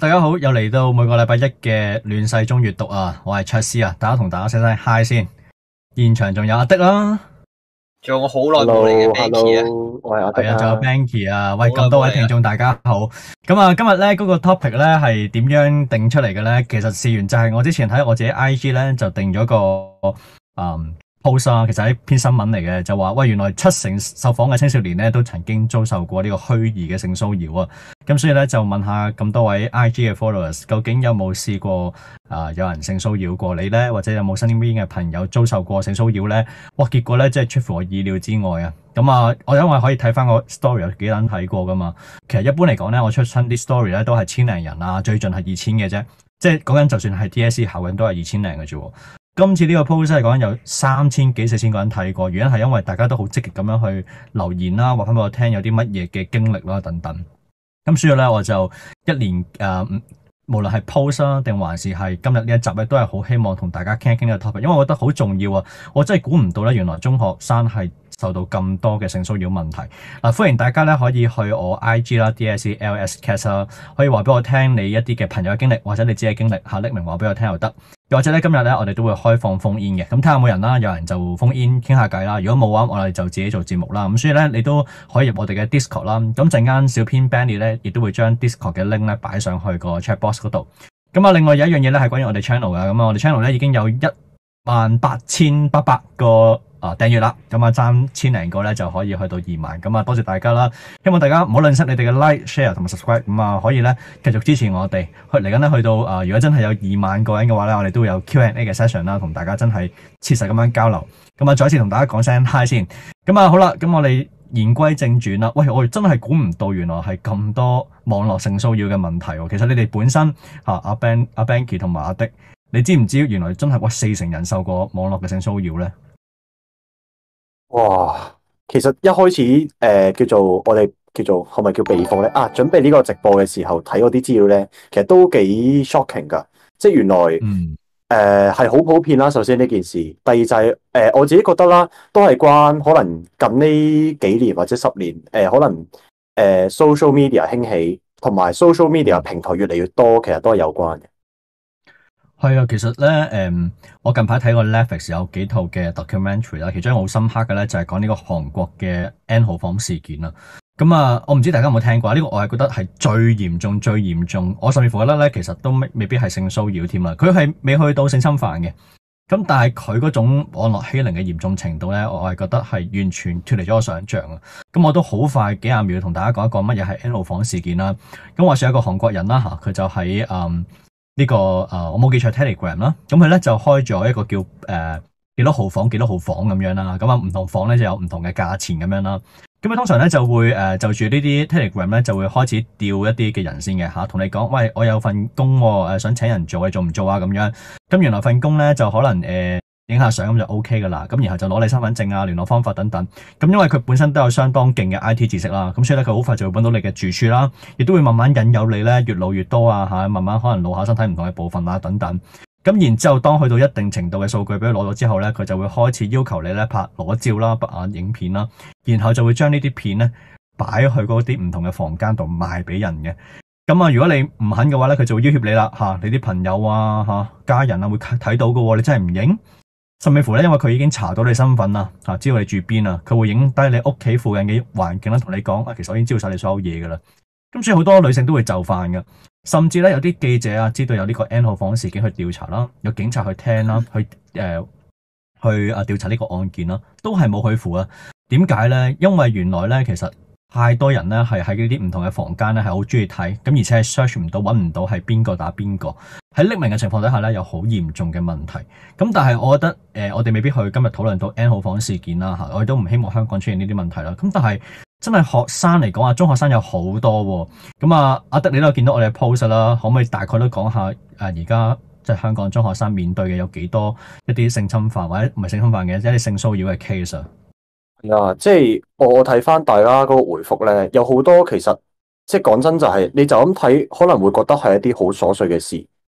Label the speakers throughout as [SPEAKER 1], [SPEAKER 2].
[SPEAKER 1] 大家好，又嚟到每個禮拜
[SPEAKER 2] 一嘅亂世中閱讀啊，我係卓詩啊，大家同大家聲聲 hi 先。現場仲有阿的啦，仲有我好耐冇嚟嘅 Banky 啊，係啊，仲、哎、有 Banky 啊，喂，咁多了位聽眾大家好。咁啊，今日咧嗰個 topic 咧係點樣定出嚟嘅咧？其實試完就係我之前喺我自己 IG 咧就定咗個嗯。Post 啊，其實係一篇新聞嚟嘅，就話喂，原來七成受訪嘅青少年咧都曾經遭受過呢個虛擬嘅性騷擾啊。咁所以咧就問下咁多位 IG 嘅 followers，究竟有冇試過啊、呃、有人性騷擾過你咧，或者有冇身邊嘅朋友遭受過性騷擾咧？哇，結果咧即係出乎我意料之外啊。咁啊，我因為可以睇翻個 story 有幾多人睇過噶嘛。其實一般嚟講咧，我出新啲 story 咧都係千零人啊，最盡係二千嘅啫。即係講緊就算係 DSC 考人都係二千零嘅啫。今次呢個 post 真係講緊有三千幾四千個人睇過，原因係因為大家都好積極咁樣去留言啦，話翻俾我聽有啲乜嘢嘅經歷啦等等。咁所以呢，我就一年誒、呃，無論係 post 定還是係今日呢一集咧，都係好希望同大家傾一傾呢個 topic，因為我覺得好重要啊！我真係估唔到呢，原來中學生係，受到咁多嘅性騷擾問題，嗱、啊、歡迎大家咧可以去我 IG 啦，D s C L S Cast 啦，可以話俾我聽你一啲嘅朋友嘅經歷，或者你自己嘅經歷，下匿名話俾我聽又得，又或者咧今日咧我哋都會開放 phone in 嘅，咁睇下有冇人啦，有人就 phone in 傾下偈啦，如果冇嘅話我哋就自己做節目啦，咁所以咧你都可以入我哋嘅 Discord 啦，咁陣間小編 Benny 咧亦都會將 Discord 嘅 link 咧擺上去個 chat box 嗰度，咁啊另外有一樣嘢咧係關於我哋 channel 㗎，咁啊我哋 channel 咧已經有一。萬八千八百個啊訂閱啦，咁啊爭千零個咧就可以去到二萬，咁啊多謝大家啦，希望大家唔好吝嗇你哋嘅 like、share 同埋 subscribe，咁啊可以咧繼續支持我哋。去嚟緊咧去到啊，如果真係有二萬個人嘅話咧，我哋都有 Q&A 嘅 session 啦，同大家真係切實咁樣交流。咁啊再一次同大家講聲 hi 先，咁啊好啦，咁我哋言歸正傳啦。喂，我哋真係估唔到，原來係咁多網絡性騷擾嘅問題。其實你哋本身吓阿、啊、Ben、阿 Benky 同埋阿迪。你知唔知原來真係話四成人受過網絡嘅性騷擾咧？
[SPEAKER 3] 哇！其實一開始誒、呃，叫做我哋叫做係咪叫備課咧？啊，準備呢個直播嘅時候睇嗰啲資料咧，其實都幾 shocking 噶。即係原來誒係好普遍啦。首先呢件事，第二就係、是、誒、呃、我自己覺得啦，都係關可能近呢幾年或者十年誒、呃，可能誒、呃、social media 興起同埋 social media 平台越嚟越多，其實都係有關嘅。
[SPEAKER 2] 係啊，其實咧，誒、嗯，我近排睇過 Netflix 有幾套嘅 documentary 啦，其中好深刻嘅咧就係講呢個韓國嘅 N 號房事件啦。咁啊，我唔知大家有冇聽過啊？呢、這個我係覺得係最嚴重、最嚴重，我甚至乎覺得咧，其實都未必係性騷擾添啊。佢係未去到性侵犯嘅，咁但係佢嗰種網絡欺凌嘅嚴重程度咧，我係覺得係完全脫離咗我想象啊。咁我都好快幾廿秒同大家講一講乜嘢係 N 號房事件啦。咁話說有一個韓國人啦吓，佢、啊、就喺、是、誒。嗯呢、這個誒，我冇記錯 Telegram 啦，咁佢咧就開咗一個叫誒幾、呃、多號房、幾多號房咁樣啦，咁啊唔同房咧就有唔同嘅價錢咁樣啦。咁啊通常咧就會誒、呃、就住呢啲 Telegram 咧就會開始釣一啲嘅人先嘅嚇，同你講，喂，我有份工喎、哦呃，想請人做，你做唔做啊？咁樣，咁原來份工咧就可能誒。呃影下相咁就 O K 噶啦，咁然後就攞你身份證啊、聯絡方法等等，咁因為佢本身都有相當勁嘅 I T 知識啦，咁所以咧佢好快就會揾到你嘅住處啦，亦都會慢慢引誘你咧越露越多啊吓，慢慢可能露下身體唔同嘅部分啊等等，咁然之後當去到一定程度嘅數據俾佢攞咗之後咧，佢就會開始要求你咧拍裸照啦、拍影片啦，然後就會將呢啲片咧擺去嗰啲唔同嘅房間度賣俾人嘅，咁啊如果你唔肯嘅話咧，佢就會要挾你啦吓，你啲朋友啊吓、家人啊會睇到噶，你真係唔影。甚至乎咧，因為佢已經查到你身份啦，吓知道你住邊啊，佢會影低你屋企附近嘅環境啦，同你講，啊，其實我已經知道晒你所有嘢噶啦。咁所以好多女性都會就範嘅，甚至咧有啲記者啊，知道有呢個 N 號房事件去調查啦，有警察去聽啦，去誒、呃、去啊調查呢個案件啦，都係冇去乎啊。點解咧？因為原來咧，其實。太多人咧，係喺呢啲唔同嘅房間咧，係好中意睇，咁而且係 search 唔到，揾唔到係邊個打邊個，喺匿名嘅情況底下咧，有好嚴重嘅問題。咁但係我覺得，誒、呃，我哋未必去今日討論到 N 號房事件啦，吓，我哋都唔希望香港出現呢啲問題啦。咁但係真係學生嚟講啊，中學生有好多喎，啊。咁啊，阿德你都有見到我哋嘅 post 啦，可唔可以大概都講下誒，而家即係香港中學生面對嘅有幾多一啲性侵犯或者唔係性侵犯嘅一啲性騷擾嘅 case 啊？
[SPEAKER 3] 係、yeah，即係我我睇翻大家嗰個回覆咧，有好多其實即係講真就係、是，你就咁睇可能會覺得係一啲好瑣碎嘅事，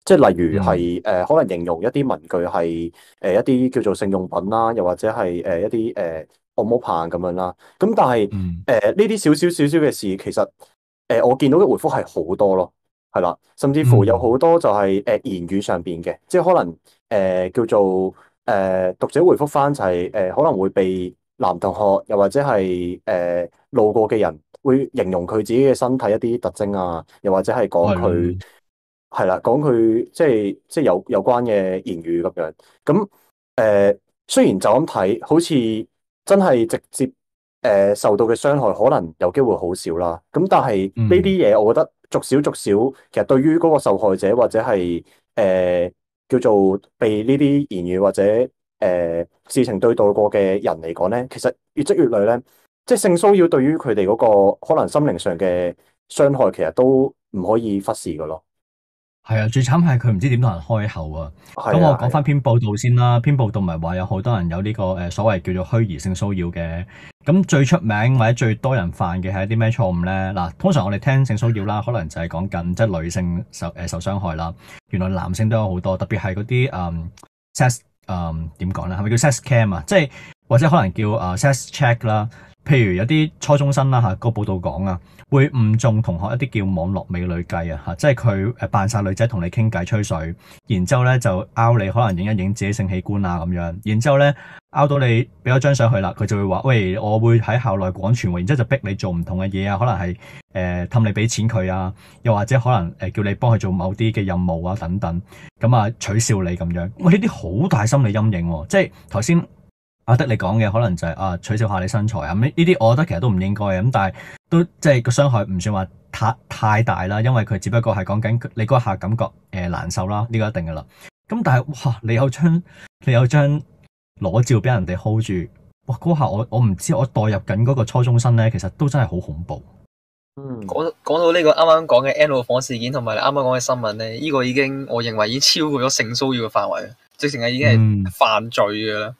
[SPEAKER 3] 即係例如係誒、呃、可能形容一啲文具係誒、呃、一啲叫做性用品啦，又或者係誒、呃、一啲誒、呃、按摩棒咁樣啦。咁但係誒呢啲少少少少嘅事，其實誒、呃、我見到嘅回覆係好多咯，係啦，甚至乎有好多就係誒言語上面嘅，即係可能誒、呃、叫做誒、呃、讀者回覆翻就係、是、誒、呃、可能會被。男同學又或者係誒、呃、路過嘅人，會形容佢自己嘅身體一啲特徵啊，又或者係講佢係啦，講佢、嗯、即係即係有有關嘅言語咁樣。咁、呃、誒雖然就咁睇，好似真係直接誒、呃、受到嘅傷害，可能有機會好少啦。咁但係呢啲嘢，我覺得逐少逐少，其實對於嗰個受害者或者係誒、呃、叫做被呢啲言語或者。誒、呃，事情對待過嘅人嚟講咧，其實越積越累咧，即係性騷擾對於佢哋嗰個可能心靈上嘅傷害，其實都唔可以忽視嘅咯。
[SPEAKER 2] 係啊，最慘係佢唔知點同人開口啊。咁、啊啊、我講翻篇報導先啦，篇報導唔係話有好多人有呢個誒所謂叫做虛擬性騷擾嘅。咁最出名或者最多人犯嘅係一啲咩錯誤咧？嗱，通常我哋聽性騷擾啦，可能就係講緊即係女性受誒、呃、受傷害啦。原來男性都有好多，特別係嗰啲誒誒，點講咧？係咪叫 sex cam 啊？Cam? 即係或者可能叫誒 sex check 啦。譬如有啲初中生啦嚇，個報道講啊，會誤中同學一啲叫網絡美女計啊嚇，即係佢誒扮晒女仔同你傾偈吹水，然之後咧就拗你可能影一影自己性器官啊咁樣，然之後咧拗到你俾咗張相佢啦，佢就會話喂，我會喺校內廣傳喎，然之後就逼你做唔同嘅嘢啊，可能係誒氹你俾錢佢啊，又或者可能誒叫你幫佢做某啲嘅任務啊等等，咁啊取笑你咁樣，喂呢啲好大心理陰影喎，即係頭先。我覺得你講嘅可能就係、是、啊取笑下你身材啊呢啲，嗯、我覺得其實都唔應該嘅咁，但係都即係個傷害唔算話太太大啦，因為佢只不過係講緊你嗰下感覺誒、呃、難受啦，呢、這個一定噶啦。咁但係哇，你有張你有張裸照俾人哋 hold 住，哇嗰下我我唔知我代入緊嗰個初中生咧，其實都真係好恐怖。
[SPEAKER 4] 嗯，講講到呢個啱啱講嘅 N 號房事件同埋你啱啱講嘅新聞咧，呢、這個已經我認為已經超過咗性騷擾嘅範圍，直情係已經係犯罪噶啦。嗯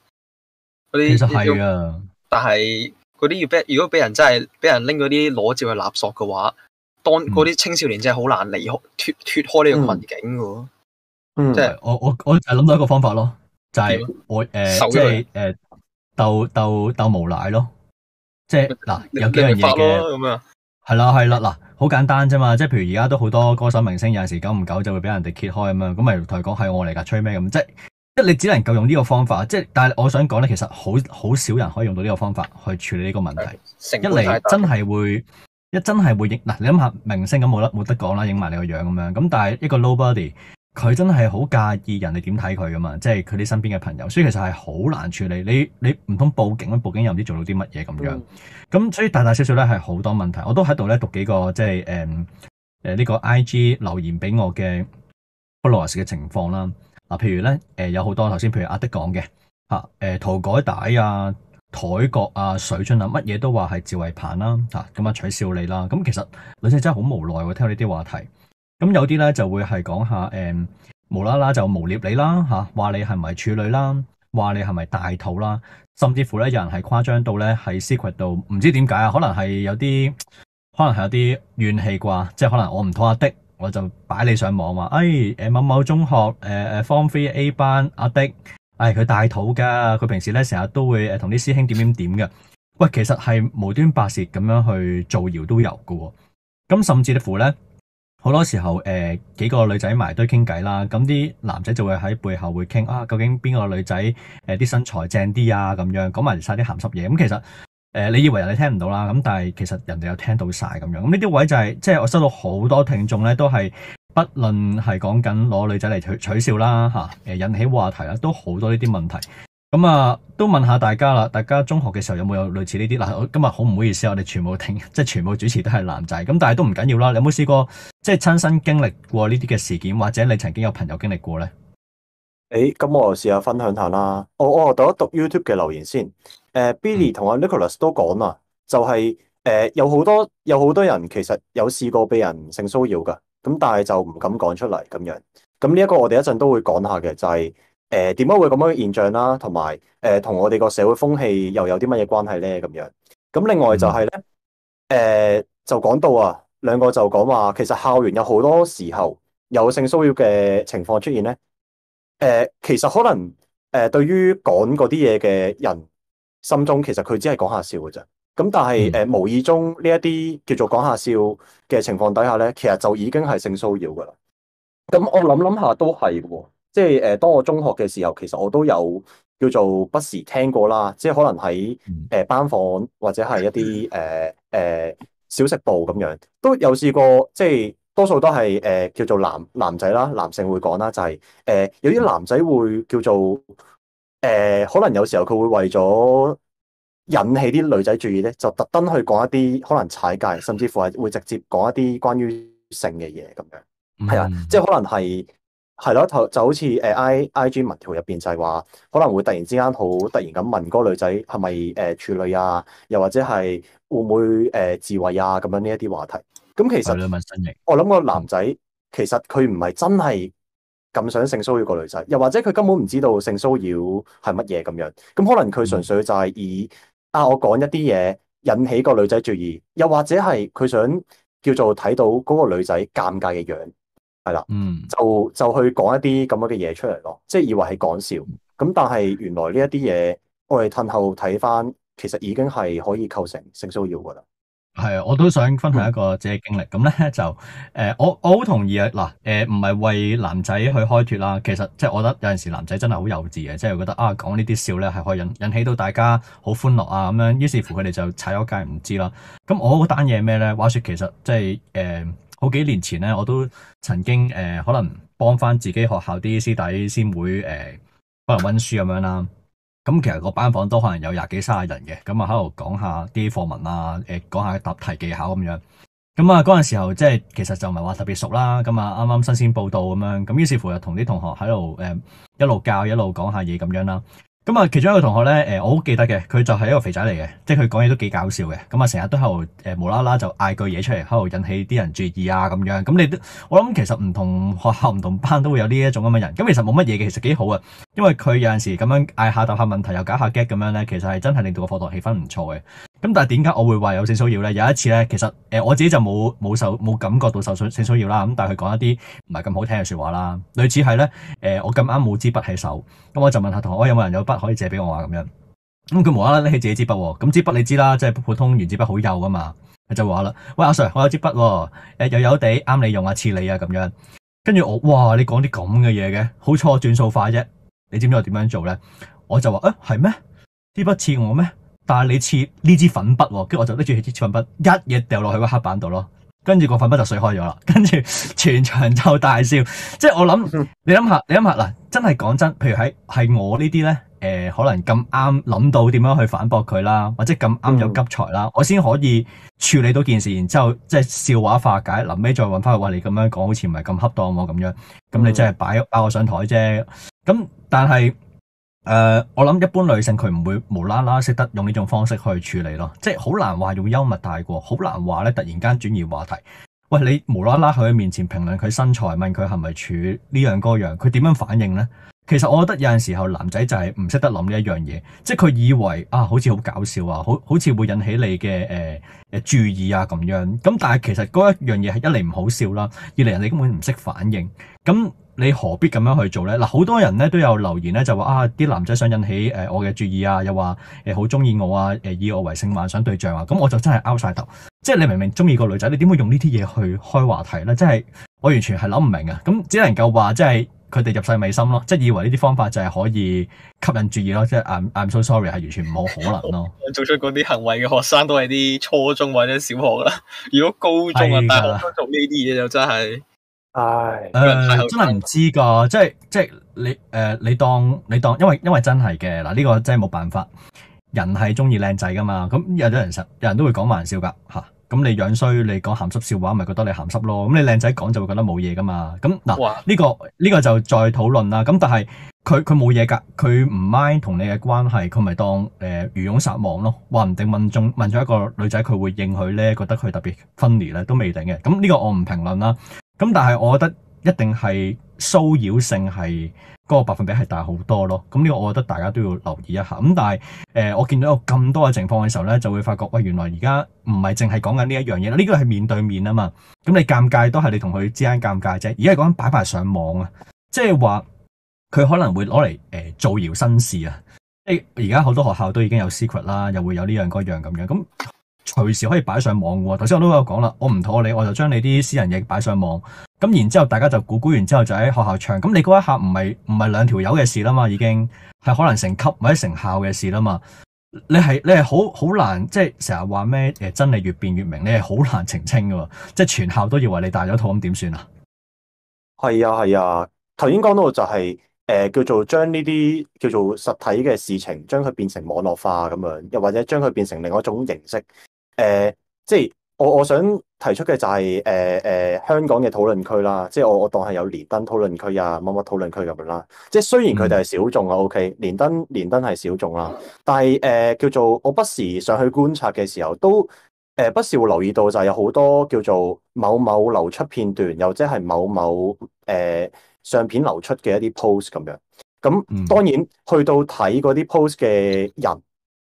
[SPEAKER 4] 其實係啊，但係嗰啲要俾，如果俾人真係俾人拎嗰啲裸照去勒索嘅話，當嗰啲青少年真係好難離開脱脱開呢個環境
[SPEAKER 2] 嘅。嗯，即係、嗯、我我我係諗到一個方法咯，就係、是、我誒，呃、即係誒鬥鬥鬥無賴咯，即係嗱有幾樣嘢嘅，係啦係啦嗱，好簡單啫嘛，即係譬如而家都好多歌手明星有陣時久唔久就會俾人哋揭開啊嘛，咁咪同佢講係我嚟噶，吹咩咁即係。即你只能夠用呢個方法，即係，但係我想講咧，其實好好少人可以用到呢個方法去處理呢個問題。一嚟真係會一真係會影嗱，你諗下明星咁冇得冇得講啦，影埋你個樣咁樣。咁但係一個 nobody，佢真係好介意人哋點睇佢噶嘛，即係佢啲身邊嘅朋友。所以其實係好難處理。你你唔通報警？咁報警又唔知做到啲乜嘢咁樣。咁、嗯、所以大大小小咧係好多問題。我都喺度咧讀幾個即係誒誒呢個 IG 留言俾我嘅 followers 嘅情況啦。嗱，譬如咧，誒有好多頭先，譬如阿的講嘅嚇，誒、啊、塗、啊、改帶啊、枱角啊、水樽啊，乜嘢都話係自慰棒啦嚇，咁啊，啊取笑你啦。咁、啊、其實女仔真係好無奈喎、啊，聽到呢啲話題。咁、啊、有啲咧就會係講下誒、啊，無啦啦就冒諠你啦嚇，話、啊、你係咪處女啦，話、啊、你係咪大肚啦，甚至乎咧有人係誇張呢到咧喺 secret 度，唔知點解啊，可能係有啲，可能係有啲怨氣啩，即係可能我唔討厭阿的。我就擺你上網話，哎誒某某中學誒誒 Form 3 A 班阿迪，哎佢大肚噶，佢平時咧成日都會誒同啲師兄點點點嘅，喂，其實係無端白舌咁樣去造謠都有嘅喎、哦，咁甚至乎咧好多時候誒、哎、幾個女仔埋堆傾偈啦，咁啲男仔就會喺背後會傾啊，究竟邊個女仔誒啲身材正啲啊，咁樣講埋晒啲鹹濕嘢，咁、嗯、其實。誒、呃，你以為人哋聽唔到啦？咁但係其實人哋又聽到晒咁樣。咁呢啲位就係、是、即係我收到好多聽眾咧，都係不論係講緊攞女仔嚟，取取笑啦吓，誒、啊、引起話題啦，都好多呢啲問題。咁、嗯、啊，都問下大家啦。大家中學嘅時候有冇有，有類似呢啲嗱？我今日好唔好意思我哋全部聽，即係全部主持都係男仔？咁但係都唔緊要啦。你有冇試過即係親身經歷過呢啲嘅事件，或者你曾經有朋友經歷過呢？
[SPEAKER 3] 誒，咁我試下分享下啦。我我讀一讀 YouTube 嘅留言先。誒、uh，Billy 同阿 Nicholas 都講啦，就係、是、誒、呃、有好多有好多人其實有試過被人性騷擾噶，咁但係就唔敢講出嚟咁樣。咁呢一個我哋一陣都會講下嘅，就係誒點解會咁樣嘅現象啦，同埋誒同我哋個社會風氣又有啲乜嘢關係咧咁樣。咁另外就係、是、咧，誒、嗯呃、就講到啊，兩個就講話，其實校園有好多時候有性騷擾嘅情況出現咧。誒、呃，其實可能誒、呃、對於講嗰啲嘢嘅人。心中其實佢只係講下笑嘅啫，咁但係誒、嗯呃，無意中呢一啲叫做講下笑嘅情況底下咧，其實就已經係性騷擾噶啦。咁、嗯、我諗諗下都係喎，即係誒，當我中學嘅時候，其實我都有叫做不時聽過啦，即、就、係、是、可能喺誒、呃、班房或者係一啲誒誒小食部咁樣，都有試過。即、就、係、是、多數都係誒、呃、叫做男男仔啦，男性會講啦，就係、是、誒、呃、有啲男仔會叫做。誒、呃，可能有時候佢會為咗引起啲女仔注意咧，就特登去講一啲可能踩界，甚至乎係會直接講一啲關於性嘅嘢咁樣。係啊、嗯，嗎即係可能係係咯，就好 IG 就好似誒 I I G 文條入邊就係話，可能會突然之間好突然咁問嗰個女仔係咪誒處女啊，又或者係會唔會誒、呃、自慰啊咁樣呢一啲話題。咁、嗯、其實的我諗個男仔、嗯、其實佢唔係真係。咁想性騷擾個女仔，又或者佢根本唔知道性騷擾係乜嘢咁樣，咁可能佢純粹就係以啊我講一啲嘢引起個女仔注意，又或者係佢想叫做睇到嗰個女仔尷尬嘅樣，係啦，嗯，就就去講一啲咁樣嘅嘢出嚟咯，即係以為係講笑，咁但係原來呢一啲嘢我哋褪後睇翻，其實已經係可以構成性騷擾噶啦。
[SPEAKER 2] 係啊，我都想分享一個自己經歷。咁咧就誒、呃，我我好同意啊。嗱、呃，誒、呃，唔係為男仔去開脫啦。其實即係我覺得有陣時男仔真係好幼稚嘅，即係覺得啊，講呢啲笑咧係可以引引起到大家好歡樂啊咁樣。於是乎佢哋就踩咗街唔知啦。咁我嗰單嘢咩咧？話說其實即係誒，好幾年前咧，我都曾經誒、呃，可能幫翻自己學校啲師弟先會誒、呃，可能溫書咁樣啦。咁其實個班房都可能有廿幾三十人嘅，咁啊喺度講下啲課文啊，誒、呃、講下答題技巧咁樣。咁啊嗰陣時候即係其實就唔係話特別熟啦，咁啊啱啱新鮮報到咁樣，咁於是乎又同啲同學喺度誒一路教一路講下嘢咁樣啦。咁啊，其中一個同學咧，誒，我好記得嘅，佢就係一個肥仔嚟嘅，即係佢講嘢都幾搞笑嘅。咁啊，成日都喺度誒，無啦啦就嗌句嘢出嚟，喺度引起啲人注意啊，咁樣。咁你都，我諗其實唔同學校，唔同班都會有呢一種咁嘅人。咁其實冇乜嘢嘅，其實幾好啊。因為佢有陣時咁樣嗌下答下問題，又搞下 game 咁樣咧，其實係真係令到個課堂氣氛唔錯嘅。咁但係點解我會話有性騷擾咧？有一次咧，其實誒、呃、我自己就冇冇受冇感覺到受性性騷擾啦。咁但係佢講一啲唔係咁好聽嘅説話啦。類似係咧，誒、呃、我咁啱冇支筆喺手，咁我就問下同學：喂，有冇人有筆可以借俾我啊？咁樣。咁佢無啦啦拎起自己支筆喎。咁支筆你知啦，即係普通原子筆好幼㗎嘛。佢就話啦：喂阿 Sir，我有支筆喎，又、呃、有幼地啱你用啊，似你啊咁樣。跟住我：哇！你講啲咁嘅嘢嘅，好彩我轉數快啫。你知唔知我點樣做咧？我就話：誒，係咩？啲筆似我咩？但係你切呢支粉筆喎，喔，跟住我就拎住支粉筆一嘢掉落去個黑板度咯，跟住個粉筆就碎開咗啦，跟住全場就大笑。即係我諗，你諗下，你諗下嗱，真係講真，譬如喺係我呢啲咧，誒、呃、可能咁啱諗到點樣去反駁佢啦，或者咁啱有急才啦，嗯、我先可以處理到件事，然之後即係笑話化解，臨尾再揾翻佢話你咁樣講，好似唔係咁恰當喎，啊，咁樣。咁、嗯、你真係擺爆我上枱啫。咁但係。但誒、呃，我諗一般女性佢唔會無啦啦識得用呢種方式去處理咯，即係好難話用幽默帶過，好難話咧突然間轉移話題。喂，你無啦啦喺佢面前評論佢身材，問佢係咪處呢樣嗰樣，佢點樣反應呢？其實我覺得有陣時候男仔就係唔識得諗呢一樣嘢，即係佢以為啊，好似好搞笑啊，好好似會引起你嘅誒誒注意啊咁樣。咁但係其實嗰一樣嘢係一嚟唔好笑啦，二嚟人哋根本唔識反應咁。你何必咁樣去做呢？嗱，好多人咧都有留言咧，就話啊，啲男仔想引起誒我嘅注意啊，又話誒好中意我啊，誒以我為性幻想對象啊，咁、嗯、我就真係 out 曬頭。即係你明明中意個女仔，你點會用呢啲嘢去開話題呢？即係我完全係諗唔明啊！咁只能夠話即係佢哋入世美心咯，即係以為呢啲方法就係可以吸引注意咯。即係 I I'm so sorry，係完全冇可能咯。
[SPEAKER 4] 做出嗰啲行為嘅學生都係啲初中或者小學啦。如果高中啊， 是的 大學都做呢啲嘢，就真係～
[SPEAKER 2] 係誒、嗯，真係唔知噶，即係即係你誒、呃，你當你當，因為因為真係嘅嗱，呢、這個真係冇辦法，人係中意靚仔噶嘛，咁有咗人實，有人都會講玩笑噶吓，咁、啊、你樣衰，你講鹹濕笑話，咪覺得你鹹濕咯，咁你靚仔講就會覺得冇嘢噶嘛，咁嗱呢個呢、這個就再討論啦，咁但係佢佢冇嘢噶，佢唔 mind 同你嘅關係，佢咪當誒、呃、魚翁撒網咯，話唔定問中問咗一個女仔，佢會應佢咧，覺得佢特別 funny 咧，都未定嘅，咁呢個我唔評論啦。咁、嗯、但係，我覺得一定係騷擾性係嗰、那個百分比係大好多咯。咁、嗯、呢、這個我覺得大家都要留意一下。咁、嗯、但係，誒、呃、我見到有咁多嘅情況嘅時候呢，就會發覺喂，原來而家唔係淨係講緊呢一樣嘢啦。呢個係面對面啊嘛。咁你尷尬都係你同佢之間尷尬啫。而係講緊擺擺上網啊，即係話佢可能會攞嚟誒造謠生事啊。誒而家好多學校都已經有 secret 啦，又會有呢樣嗰樣咁樣咁。隨時可以擺上網嘅喎，頭先我都有講啦，我唔妥你，我就將你啲私人嘢擺上網，咁然之後大家就估估完之後就喺學校唱，咁你嗰一刻唔係唔係兩條友嘅事啦嘛，已經係可能成級或者成校嘅事啦嘛，你係你係好好難，即係成日話咩誒真理越辯越明，你係好難澄清嘅，即係全校都以為你大咗肚，咁點算啊？
[SPEAKER 3] 係啊係啊，頭先講到就係、是、誒、呃、叫做將呢啲叫做實體嘅事情，將佢變成網絡化咁樣，又或者將佢變成另一種形式。誒、呃，即係我我想提出嘅就係誒誒香港嘅討論區啦，即係我我當係有連登討論區啊，乜乜討論區咁樣啦。即係雖然佢哋係小眾啊，OK，連登連登係小眾啦，但係誒、呃、叫做我不時上去觀察嘅時候，都誒、呃、不時會留意到就係有好多叫做某某流出片段，又或者係某某誒、呃、相片流出嘅一啲 post 咁樣。咁當然去到睇嗰啲 post 嘅人。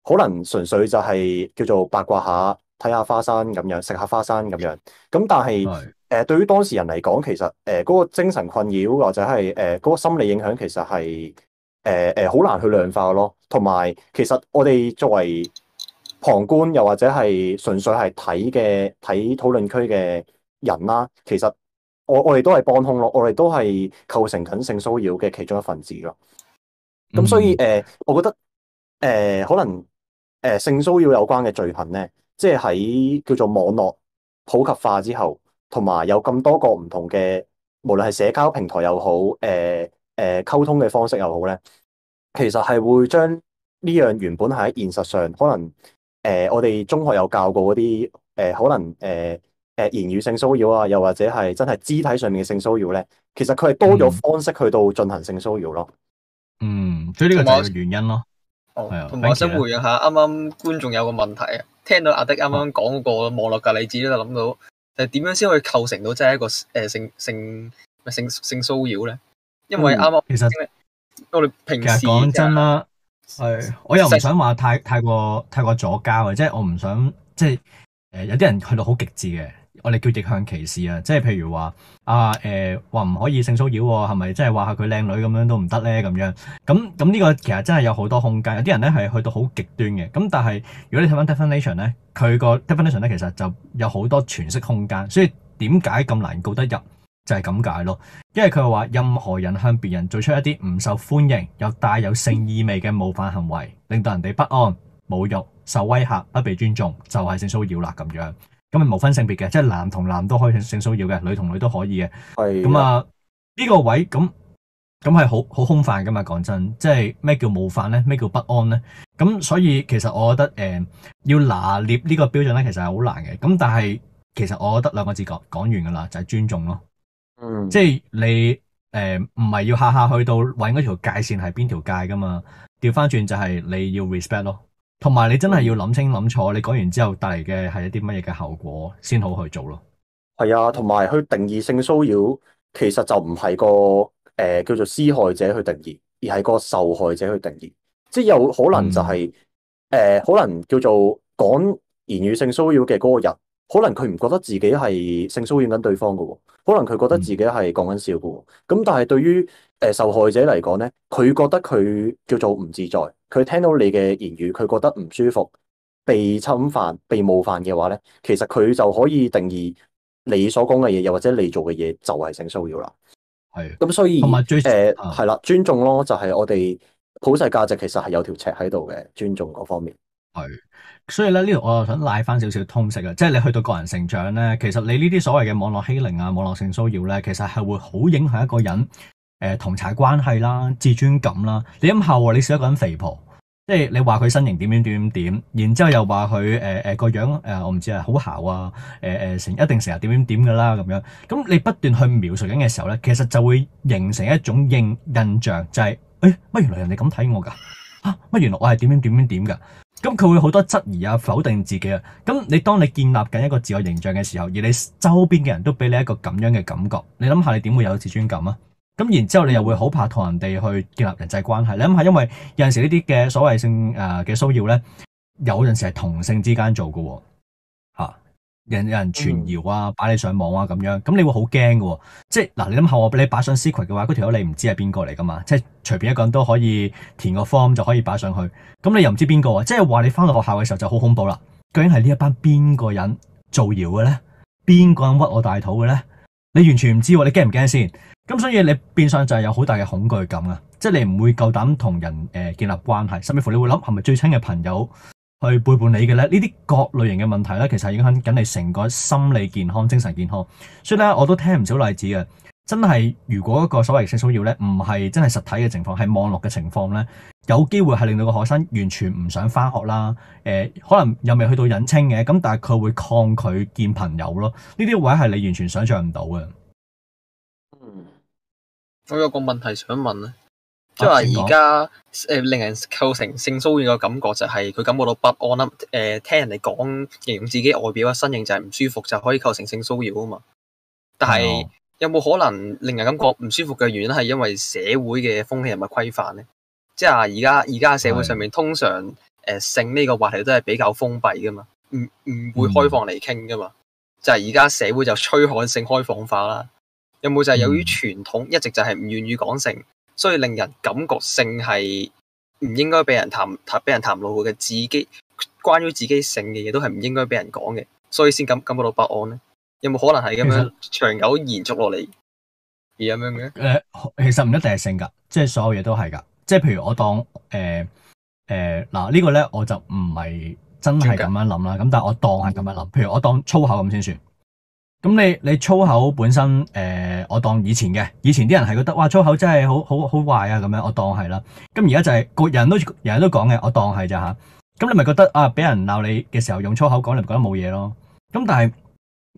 [SPEAKER 3] 可能純粹就係叫做八卦下，睇下花生咁樣，食下花生咁樣。咁但係誒的、呃，對於當事人嚟講，其實誒嗰、呃那個精神困擾或者係誒嗰個心理影響，其實係誒誒好難去量化咯。同埋，其實我哋作為旁觀，又或者係純粹係睇嘅睇討論區嘅人啦、啊，其實我我哋都係幫兇咯，我哋都係構成緊性騷擾嘅其中一份子咯。咁、嗯、所以誒、呃，我覺得誒、呃、可能。誒性騷擾有關嘅罪行咧，即係喺叫做網絡普及化之後，同埋有咁多個唔同嘅，無論係社交平台又好，誒、呃、誒、呃、溝通嘅方式又好咧，其實係會將呢樣原本喺現實上可能誒、呃，我哋中學有教過嗰啲誒，可能誒誒、呃、言語性騷擾啊，又或者係真係肢體上面嘅性騷擾咧，其實佢係多咗方式去到進行性騷擾咯。嗯，
[SPEAKER 2] 嗯，所以呢個就係原因咯。哦，
[SPEAKER 3] 同
[SPEAKER 4] 埋我想回應下啱啱謝觀眾有個問題啊，聽到阿迪啱啱講嗰個網絡嘅例子咧，諗、嗯、到誒點樣先可以構成到即係一個誒、呃、性性性性騷擾咧？
[SPEAKER 2] 因為啱啱、嗯、其實
[SPEAKER 4] 我哋平時其實講真啦，
[SPEAKER 2] 係我又唔想話太太過太過阻交嘅，即係我唔想即係誒、呃、有啲人去到好極致嘅。我哋叫逆向歧視啊，即係譬如話啊誒話唔可以性騷擾喎、哦，係咪即係話下佢靚女咁樣都唔得咧咁樣？咁咁呢個其實真係有好多空間，有啲人咧係去到好極端嘅。咁但係如果你睇翻 definition 咧，佢個 definition 咧其實就有好多詮釋空間。所以點解咁難告得入就係、是、咁解咯。因為佢係話任何人向別人做出一啲唔受歡迎又帶有性意味嘅冒犯行為，令到人哋不安、侮辱、受威嚇、不被尊重，就係、是、性騷擾啦咁樣。咁咪無分性別嘅，即係男同男都可以性騷擾嘅，女同女都可以嘅。係咁是的 啊，呢、這個位咁咁係好好空泛噶嘛？講真，即係咩叫冒犯咧？咩叫不安咧？咁所以其實我覺得誒、呃，要拿捏呢個標準咧，其實係好難嘅。咁但係其實我覺得兩個字講講完噶啦，就係、是、尊重咯。嗯即，即係你誒，唔係要下下去到搵嗰條界線係邊條界噶嘛？調翻轉就係你要 respect 咯。同埋，你真係要諗清諗楚，你講完之後帶嚟嘅係一啲乜嘢嘅後果，先好去做咯。
[SPEAKER 3] 係啊，同埋去定義性騷擾，其實就唔係個誒、呃、叫做施害者去定義，而係個受害者去定義。即係有可能就係、是、誒、嗯呃，可能叫做講言語性騷擾嘅嗰個人，可能佢唔覺得自己係性騷擾緊對方噶喎，可能佢覺得自己係講緊笑噶喎。咁、嗯、但係對於誒受害者嚟講咧，佢覺得佢叫做唔自在。佢聽到你嘅言語，佢覺得唔舒服、被侵犯、被冒犯嘅話咧，其實佢就可以定義你所講嘅嘢，又或者你做嘅嘢就係性騷擾啦。
[SPEAKER 2] 係，
[SPEAKER 3] 咁所以同埋最誒係啦，尊重咯，就係我哋普世價值其實係有條尺喺度嘅，尊重嗰方面。
[SPEAKER 2] 係，所以咧呢度我又想拉返少少通識啊，即係你去到個人成長咧，其實你呢啲所謂嘅網絡欺凌啊、網絡性騷擾咧，其實係會好影響一個人。誒，同茶關係啦，自尊感啦。你諗下，你做一個人肥婆，即係你話佢身形點點點點，然之後又話佢誒誒個樣誒、呃，我唔知啊，好姣啊，誒、呃、誒成一定成日點點點噶啦咁樣。咁你不斷去描述緊嘅時候咧，其實就會形成一種印印象，就係誒乜原來人哋咁睇我噶啊，乜原來我係點點點點點噶。咁佢會好多質疑啊，否定自己啊。咁、嗯、你當你建立緊一個自我形象嘅時候，而你周邊嘅人都俾你一個咁樣嘅感覺，你諗下你點會有自尊感啊？咁然之後，你又會好怕同人哋去建立人際關係。你諗下，因為有陣時呢啲嘅所謂性誒嘅騷擾咧，有陣時係同性之間做嘅喎、哦，嚇、啊，有人傳謠啊，擺你上網啊咁樣，咁你會好驚嘅。即係嗱，你諗下，我畀你擺上 Secret 嘅話，嗰條友你唔知係邊個嚟噶嘛？即係隨便一個人都可以填個 form 就可以擺上去，咁你又唔知邊個啊？即係話你翻到學校嘅時候就好恐怖啦！究竟係呢一班邊個人造謠嘅咧？邊個人屈我大肚嘅咧？你完全唔知喎，你驚唔驚先？咁所以你變相就係有好大嘅恐懼感啊！即係你唔會夠膽同人誒、呃、建立關係，甚至乎你會諗係咪最親嘅朋友去背叛你嘅咧？呢啲各類型嘅問題咧，其實影響緊你成個心理健康、精神健康。所以咧，我都聽唔少例子嘅。真係，如果一個所謂性騷擾咧，唔係真係實體嘅情況，係網絡嘅情況咧，有機會係令到個學生完全唔想返學啦。誒、呃，可能又未去到隱青嘅，咁但係佢會抗拒見朋友咯。呢啲位係你完全想象唔到
[SPEAKER 4] 嘅。我有個問題想問咧，
[SPEAKER 2] 即係話而
[SPEAKER 4] 家誒令人構成性騷擾嘅感覺就係佢感覺到不安啦。誒、呃，聽人哋講形容自己外表啊、身形就係唔舒服，就可以構成性騷擾啊嘛。但係，哎有冇可能令人感覺唔舒服嘅原因係因為社會嘅風氣同埋規範咧？即係而家而家社會上面是通常誒、呃、性呢個話題都係比較封閉噶嘛，唔唔會開放嚟傾噶嘛。嗯、就係而家社會就趨向性開放化啦。有冇就係由於傳統、嗯、一直就係唔願意講性，所以令人感覺性係唔應該俾人談，俾人談露嘅自己關於自己性嘅嘢都係唔應該俾人講嘅，所以先感感覺到不安咧？有冇可能係咁樣長久延續落嚟而咁樣嘅？
[SPEAKER 2] 誒，其實唔一定係性格，即係所有嘢都係噶。即係譬如我當誒誒嗱呢個咧，我就唔係真係咁樣諗啦。咁經但係我當係咁樣諗。譬如我當粗口咁先算。咁你你粗口本身誒、呃，我當以前嘅，以前啲人係覺得哇粗口真係好好好壞啊咁樣，我當係啦。咁而家就係、是、個人都人人都講嘅，我當係咋吓。咁、啊、你咪覺得啊，俾人鬧你嘅時候用粗口講，你覺得冇嘢咯？咁但係。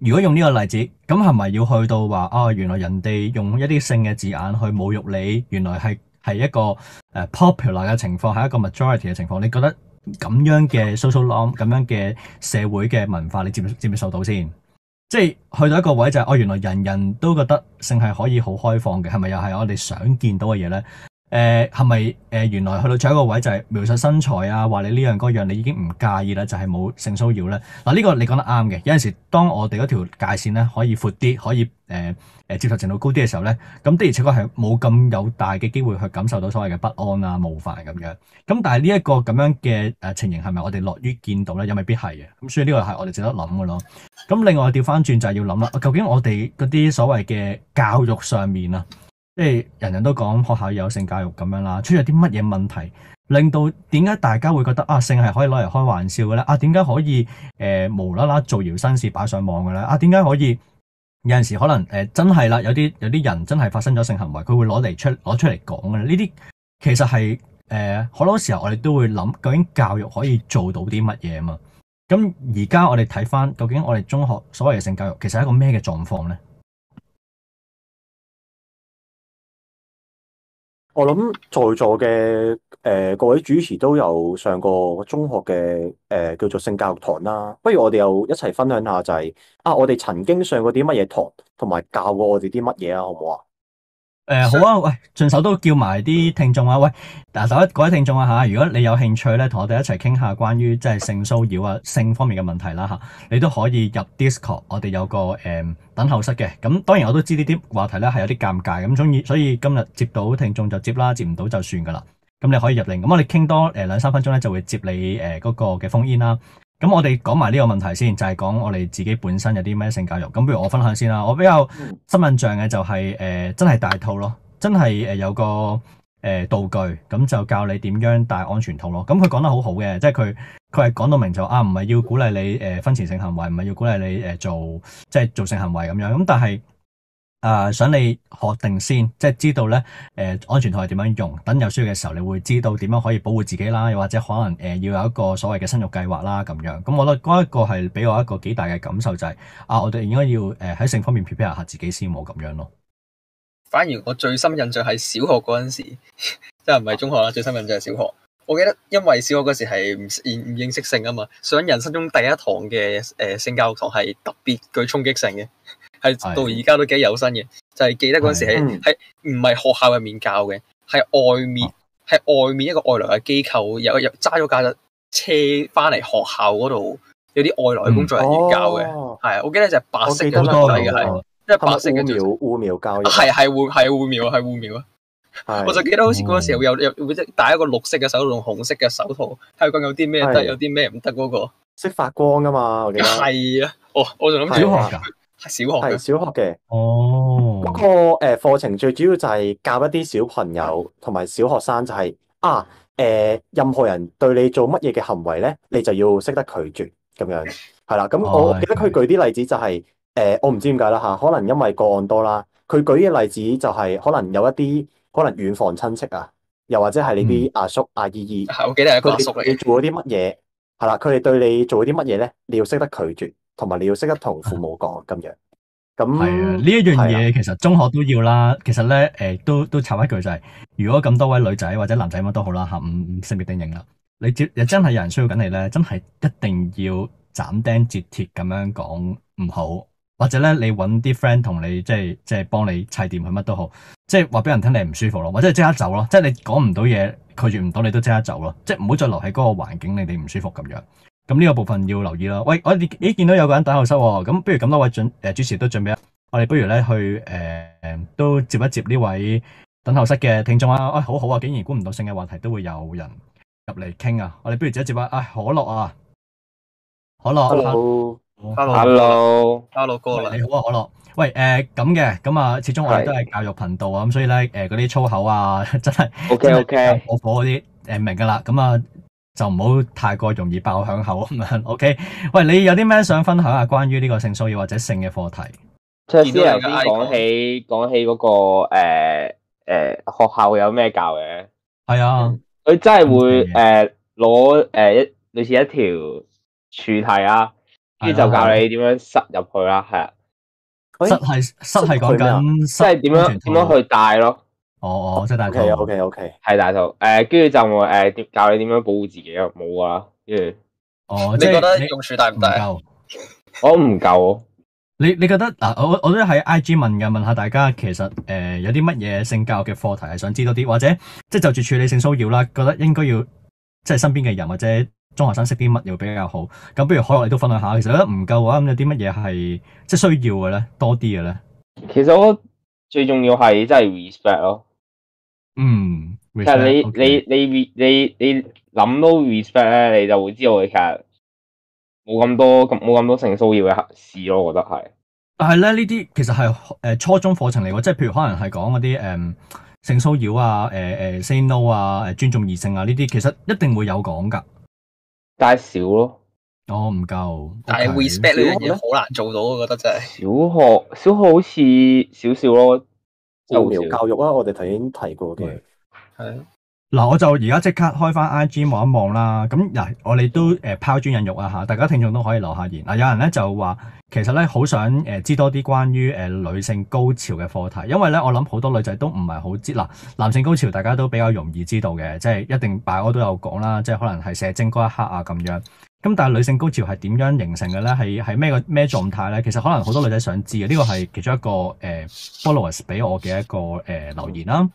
[SPEAKER 2] 如果用呢個例子，咁係咪要去到話啊、哦？原來人哋用一啲性嘅字眼去侮辱你，原來係係一個誒 popular 嘅情況，係一個 majority 嘅情況。你覺得咁樣嘅 social norm，咁樣嘅社會嘅文化，你接唔接受到先？即係去到一個位就係、是、哦，原來人人都覺得性係可以好開放嘅，係咪又係我哋想見到嘅嘢呢？誒，係咪誒？原來去到最後一個位就係描述身材啊，話你呢樣嗰樣你已經唔介意啦，就係、是、冇性騷擾啦。嗱，呢個你講得啱嘅。有陣時，當我哋嗰條界線咧可以闊啲，可以誒誒、呃呃、接受程度高啲嘅時候咧，咁的而且確係冇咁有大嘅機會去感受到所謂嘅不安啊、冒犯咁樣。咁但係呢一個咁樣嘅誒情形係咪我哋樂於見到咧？又未必係嘅。咁所以呢個係我哋值得諗嘅咯。咁另外調返轉就係要諗啦，究竟我哋嗰啲所謂嘅教育上面啊？即係人人都講學校有性教育咁樣啦，出咗啲乜嘢問題，令到點解大家會覺得啊，性係可以攞嚟開玩笑嘅咧？啊，點解可以誒、呃、無啦啦造謠生事擺上網嘅咧？啊，點解可以有陣時可能誒、呃、真係啦，有啲有啲人真係發生咗性行為，佢會攞嚟出攞出嚟講嘅，呢啲其實係誒好多時候我哋都會諗，究竟教育可以做到啲乜嘢啊嘛？咁而家我哋睇翻究竟我哋中學所謂嘅性教育其實
[SPEAKER 4] 係
[SPEAKER 1] 一個咩嘅狀況呢？我諗在座嘅誒、呃、各位主持都有上過中學
[SPEAKER 3] 嘅誒、呃、叫做性教育堂啦，不如我哋又一齊分享下就係、是、啊，我哋曾經上過啲乜嘢堂，同埋教過我哋啲乜嘢啊，好唔好啊？
[SPEAKER 2] 誒、呃，好啊，喂，順手都叫埋啲聽眾啊，喂，嗱、啊，各位聽眾啊吓，如果你有興趣咧，同我哋一齊傾下關於即係性騷擾啊、性方面嘅問題啦吓，你都可以入 Discord，我哋有個誒、嗯、等候室嘅，咁當然我都知呢啲話題咧係有啲尷尬，咁所以所以今日接到聽眾就接啦，接唔到就算噶啦，咁你可以入嚟，咁我哋傾多誒兩三分鐘咧就會接你誒嗰、呃那個嘅封煙啦。咁我哋講埋呢個問題先，就係、是、講我哋自己本身有啲咩性教育。咁不如我分享先啦，我比較深印象嘅就係、是，誒、呃，真係戴套咯，真係誒有個誒、呃、道具，咁就教你點樣戴安全套咯。咁佢講得好好嘅，即係佢佢係講到明就是、啊，唔係要鼓勵你誒婚、呃、前性行為，唔係要鼓勵你誒、呃、做即係做性行為咁樣。咁但係。誒，想你學定先，即係知道咧誒，安全套係點樣用，等有需要嘅時候，你會知道點樣可以保護自己啦。又或者可能誒，要有一個所謂嘅生育計劃啦，咁樣。咁我覺得嗰一個係俾我一個幾大嘅感受，就係啊，我哋應該要誒喺性方面 prepare 下自己先，冇咁樣咯。
[SPEAKER 4] 反而我最深印象係小學嗰陣時，即係唔係中學啦。最深印象係小學，我記得因為小學嗰時係唔認唔認識性啊嘛，上人生中第一堂嘅誒性教育堂係特別具衝擊性嘅。係到而家都幾有新嘅，就係記得嗰陣時喺唔係學校入面教嘅，係外面，係外面一個外來嘅機構，有有揸咗架車翻嚟學校嗰度，有啲外來嘅工作人員教嘅。係我記得就係白色嘅，係即係白色
[SPEAKER 3] 嘅，護苗護苗教，係係
[SPEAKER 4] 護苗係護苗係護苗啊！
[SPEAKER 3] 我就記
[SPEAKER 4] 得好似嗰陣時有有會即帶一個綠色嘅手套同紅色嘅手套，係講有啲咩得，有啲咩唔得嗰個，
[SPEAKER 3] 識發光㗎嘛！我記得係
[SPEAKER 4] 啊，哦，我就諗住。
[SPEAKER 3] 係小學嘅，小學嘅，哦，不過誒課程最主要就係教一啲小朋友同埋小學生就係、是、啊，誒、呃，任何人對你做乜嘢嘅行為咧，你就要識得拒絕咁樣，係啦。咁我記得佢舉啲例子就係、是，誒、呃，我唔知點解啦吓，可能因為個案多啦。佢舉嘅例子就係可能有一啲可能遠房親戚啊，又或者係你啲阿叔、嗯、阿姨姨，係，我記得係阿叔，佢做咗啲乜嘢？係啦，佢哋對你做咗啲乜嘢咧？你要識得拒絕。同埋你要識得同父母講咁、啊、樣，咁
[SPEAKER 2] 呢一樣嘢、啊、其實中學都要啦。其實咧，誒、呃、都都插一句就係、是，如果咁多位女仔或者男仔乜都好啦吓，唔唔性別定型啦。你接又真係有人需要緊你咧，真係一定要斬釘截鐵咁樣講唔好，或者咧你搵啲 friend 同你即係即係幫你砌掂佢乜都好，即係話俾人聽你唔舒服咯，或者即刻走咯，即係你講唔到嘢拒絕唔到你都即刻走咯，即係唔好再留喺嗰個環境令你唔舒服咁樣。咁呢個部分要留意咯。喂，我你見到有個人等候室喎、哦，咁不如咁多位準誒、呃、主持都準備啦。我哋不如呢去誒、呃、都接一接呢位等候室嘅聽眾啊。喂、哎，好好啊，竟然估唔到性嘅話題都會有人入嚟傾啊。我哋不如接一接啊。唉、哎，可樂啊，可樂，hello，hello，hello，hello，哥，hello, hello, hello, 你好啊，好可樂。喂，誒咁嘅，咁啊、嗯，始終我哋都係教育頻道啊，咁所以呢，誒嗰啲粗口啊，真係 OK 真 OK 過火嗰啲誒明㗎喇，咁啊。就唔好太過容易爆響口咁樣 ，OK？喂，你有啲咩想分享下、啊、關於呢個性騷擾或者性嘅課題？
[SPEAKER 1] 即係啲講起講起嗰、嗰個誒誒、呃呃、學校有咩教嘅？係啊，佢真係會誒攞誒一類似一條柱題啊，跟住就教你點樣塞入去啦，係啊。
[SPEAKER 2] 塞係塞係講緊，
[SPEAKER 1] 即係點樣點樣、樣去帶咯？哦哦，即係大圖，O K O K，係大圖，誒，跟住就冇，誒，教你點樣保護自己 well,、uh, 啊，冇啊，跟住，哦，你覺得用處大唔大？我唔夠，
[SPEAKER 2] 你你覺得嗱，我我都喺 I G 問嘅，問下大家，其實誒、呃，有啲乜嘢性教育嘅課題係想知多啲，或者即係就住、是、處理性騷擾啦，覺得應該要即係身邊嘅人或者中學生識啲乜嘢會比較好？咁，不如可能你都分享下，其實你覺得唔夠嘅話，咁有啲乜嘢係即係需要嘅咧，多啲嘅咧？
[SPEAKER 1] 其實我覺得最重要係真係 respect 咯。嗯，其實你 Okay 你你你你諗到 respect 咧，你就會知道其實冇咁多咁冇咁多性騷擾嘅事咯，我覺得係。但
[SPEAKER 2] 係咧呢啲其實係誒、呃、初中課程嚟嘅，即係譬如可能係講嗰啲誒性騷擾啊，誒、呃、誒、呃、say no 啊，誒尊重異性啊呢啲，其實一定會有講噶，但
[SPEAKER 1] 係少咯，我唔夠，夠 okay、但係是 respect 呢樣嘢
[SPEAKER 2] 好難做到，我覺得真
[SPEAKER 1] 係。小學小學好似少，少少咯。幼
[SPEAKER 2] 苗教育啊，我哋頭先提過嘅。係啊，嗱，我就而家即刻開翻 IG 望一望啦。咁嗱，我哋都誒拋磚引玉啊嚇，大家聽眾都可以留下言。嗱，有人咧就話，其實咧好想誒知多啲關於誒女性高潮嘅課題，因為咧我諗好多女仔都唔係好知嗱。男性高潮大家都比較容易知道嘅，即係一定擺我都有講啦，即係可能係射精嗰一刻啊咁樣。咁但係女性高潮係點樣形成嘅咧？係係咩個咩狀態咧？其實可能好多女仔想知嘅呢個係其中一個誒、呃、，followers 俾我嘅一個誒、呃、留言啦、啊。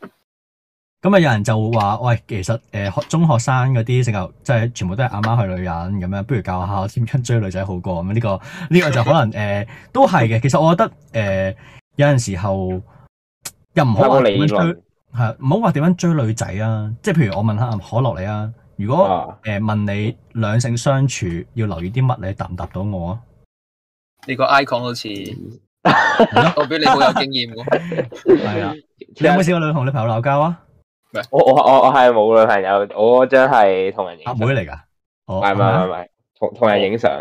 [SPEAKER 2] 咁、嗯、啊，有人就話喂，其實誒、呃，中學生嗰啲成日即係全部都係阿媽去女人咁樣，不如教下點樣追女仔好過咁呢、這個呢、這個就可能誒、 呃，都係嘅。其實我覺得誒、呃，有陣時候又唔好話點樣追，係唔好話點樣追女仔啊。即係譬如我問下可樂你啊。如果誒問你兩性相處要留意啲乜，你答唔答到我
[SPEAKER 4] 啊？你個 icon 好似，
[SPEAKER 1] 我俾你好有經驗。
[SPEAKER 2] 係啊，你有冇試過女同女朋友鬧交啊？
[SPEAKER 1] 我我我我係冇女朋友，我真係同人阿妹嚟噶，係咪係咪同同人影相？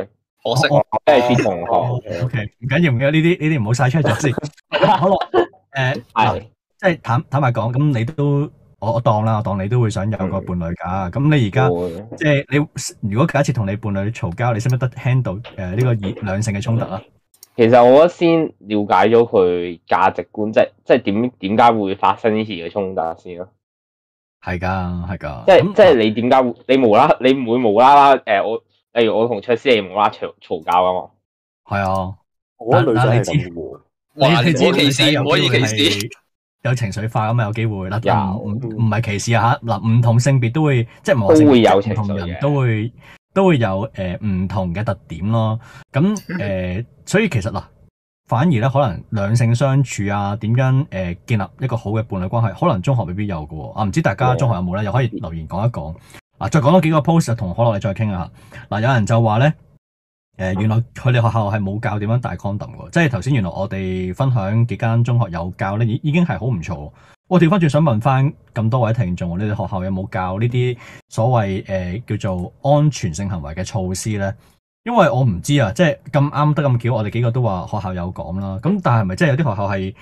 [SPEAKER 1] 可惜真都係是同學。O K，
[SPEAKER 2] 唔緊要唔緊要，呢啲呢啲唔好晒出咗先。好啦，
[SPEAKER 1] 誒，
[SPEAKER 2] 即係坦坦白講，咁你都。我我當啦，我當你都會想有個伴侶㗎。咁、嗯、你而家的即係你，如果第一次同你伴侶嘈交，你識唔識得 handle 誒、呃、呢、呢個兩性嘅衝突啊？
[SPEAKER 1] 其實我覺得先了解咗佢價值觀，即係即係點點解會發生呢次嘅衝突先咯。係㗎，係㗎。即係是那即係你點解 你無啦，你唔會無啦啦誒？我例如我同卓斯你無啦嘈嘈交啊嘛。係啊，我覺得女仔係咁嘅喎。話你歧視，可以歧視。
[SPEAKER 2] 有情緒化咁啊，有機會啦。唔唔係歧視吓。嗱，唔同性別都會即係唔同性會有唔同人都會都會有誒唔、呃、同嘅特點咯。咁誒、呃，所以其實嗱、呃，反而咧可能兩性相處啊，點樣誒、呃、建立一個好嘅伴侶關係，可能中學未必有嘅喎。啊，唔知大家中學有冇咧？又可以留言講一講。嗱、啊，再講多幾個 post 同可樂你再傾下。嗱、啊，有人就話咧。誒，原來佢哋學校係冇教點樣戴 condom 即係頭先原來我哋分享幾間中學有教咧，已已經係好唔錯。我調翻轉想問翻咁多位聽眾，你哋學校有冇教呢啲所謂誒、呃、叫做安全性行為嘅措施咧？因為我唔知啊，即係咁啱得咁巧，我哋幾個都話學校有講啦。咁但係係咪即係有啲學校係